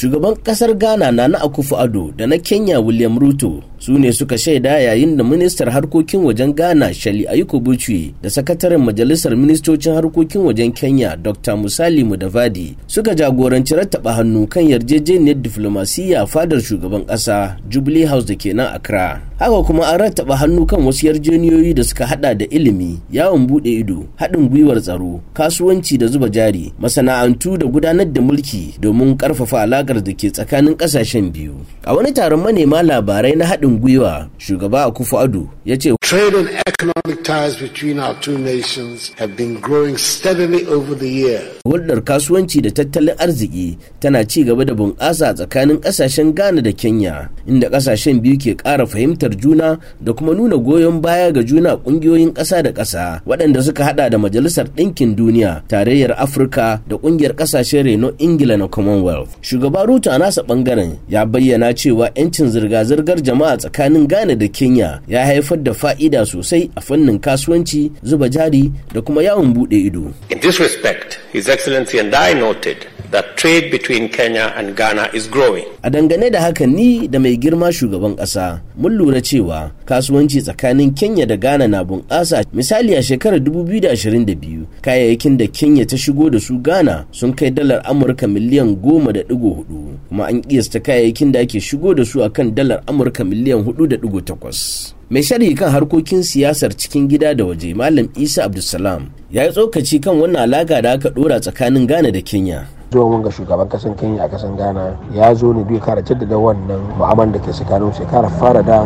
shugaban kasar ghana na na akufo ado da na kenya william ruto su ne suka shaida yayin da ministar harkokin wajen ghana shali ayiko bucci da sakataren majalisar ministocin harkokin wajen kenya dr musali mudavadi suka jagoranci rattaba hannu kan yarjejeniyar diflomasiyya fadar shugaban kasa jubilee house da ke nan accra haka kuma an rattaba hannu kan wasu yarjejeniyoyi da suka hada da ilimi yawon bude ido haɗin gwiwar tsaro kasuwanci da zuba jari masana'antu da gudanar da mulki domin ƙarfafa alakar da ke tsakanin ƙasashen biyu a wani taron manema labarai na haɗin gwiwa shugaba akufu ado ya ce Trade and economic ties between our two nations have been growing steadily over the Hulɗar kasuwanci da tattalin arziki tana ci gaba da bunƙasa tsakanin ƙasashen Ghana da Kenya, inda ƙasashen biyu ke ƙara fahimtar fahimtar juna da kuma nuna goyon baya ga juna kungiyoyin ƙasa da ƙasa waɗanda suka hada da majalisar ɗinkin duniya tarayyar afirka da ƙungiyar ƙasashen reno ingila na commonwealth shugaba ruto a nasa ɓangaren ya bayyana cewa 'yancin zirga-zirgar jama'a tsakanin ghana da kenya ya haifar da fa'ida sosai a fannin kasuwanci zuba jari da kuma yawon buɗe ido in this respect his excellency and i noted that trade between Kenya and Ghana is growing. A dangane da haka ni da mai girma shugaban ƙasa mun lura cewa kasuwanci tsakanin Kenya da Ghana na bunƙasa misali a shekarar 2022 kayayyakin da Kenya ta shigo da su Ghana sun kai dalar Amurka miliyan 10.4 kuma an kiyasta kayayyakin da ake shigo da su a kan dalar Amurka miliyan 4.8. mai sharhi kan harkokin siyasar cikin gida da waje malam isa abdulsalam ya yi tsokaci kan wannan alaka da aka ɗora tsakanin ghana da kenya zuwa ga shugaban kasan kenya a kasan ghana ya zo ne biyu kara jaddada wannan mu'amalar da ke tsakanin su kara fara da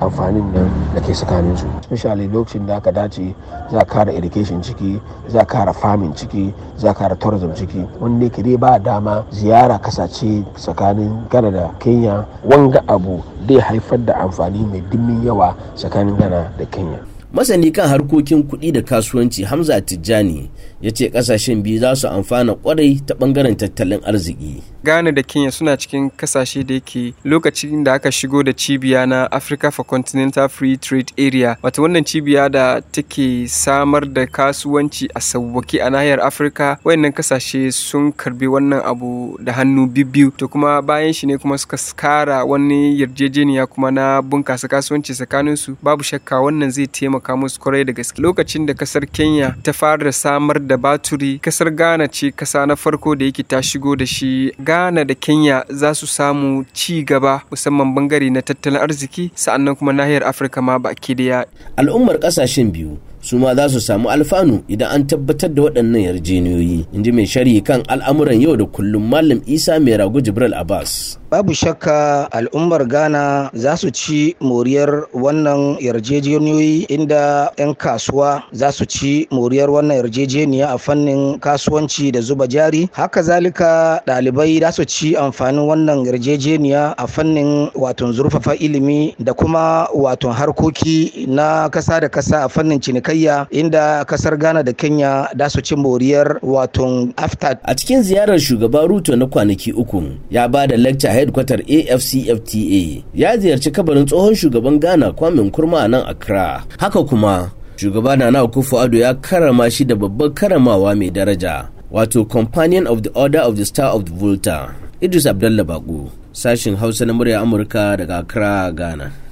amfanin nan da ke tsakanin su especially lokacin da aka dace za kara education ciki za kara farming ciki za kara tourism ciki wanda ke dai ba dama ziyara kasace tsakanin ghana da kenya wanga abu dai haifar da amfani mai dimmin yawa tsakanin ghana da kenya masani kan harkokin kuɗi da kasuwanci hamza tijjani ya ce kasashen biyu za su amfana kwarai ta bangaren tattalin arziki ghana da kenya suna cikin kasashe da yake lokacin da aka shigo da cibiya na africa for continental free trade area wata wannan cibiya da take samar da kasuwanci a sauwaki a nahiyar afirka wayannan kasashe sun karbi wannan abu da hannu biyu to kuma bayan shi ne kuma suka kara wani yarjejeniya kuma na bunkasa kasuwanci tsakaninsu babu shakka wannan zai taimaka taimaka musu kwarai da gaske lokacin da kasar kenya ta fara samar da baturi kasar ghana ce kasa na farko da yake ta shigo da shi ghana da kenya za su samu ci gaba musamman bangare na tattalin arziki sa'annan kuma nahiyar afirka ma baki daya al'ummar kasashen biyu su ma za su samu alfanu idan an tabbatar da waɗannan yarjejeniyoyi. in ji mai sharhi kan al'amuran yau da kullum malam isa mai ragu jibril abbas babu shakka al'ummar ghana za su ci moriyar wannan yarjejeniyoyi inda 'yan kasuwa za su ci moriyar wannan yarjejeniya a fannin kasuwanci da zuba jari haka zalika ɗalibai za su ci amfanin wannan yarjejeniya a fannin waton zurfafa ilimi da kuma waton harkoki na kasa da kasa a fannin cinikayya inda kasar Ghana da Kenya da su ci moriyar wato aftat A cikin ziyarar shugaba Ruto na kwanaki uku ya ba da lecture headquarter AFCFTA ya ziyarci kabarin tsohon shugaban Ghana Kwame Nkrumah a nan Accra. Haka kuma shugaba Nana Akufo-Addo ya karama shi da babbar karamawa mai daraja wato Companion of the Order of the Star of the Volta. Idris Abdallah Bako, sashin Hausa na murya Amurka daga Accra, Ghana.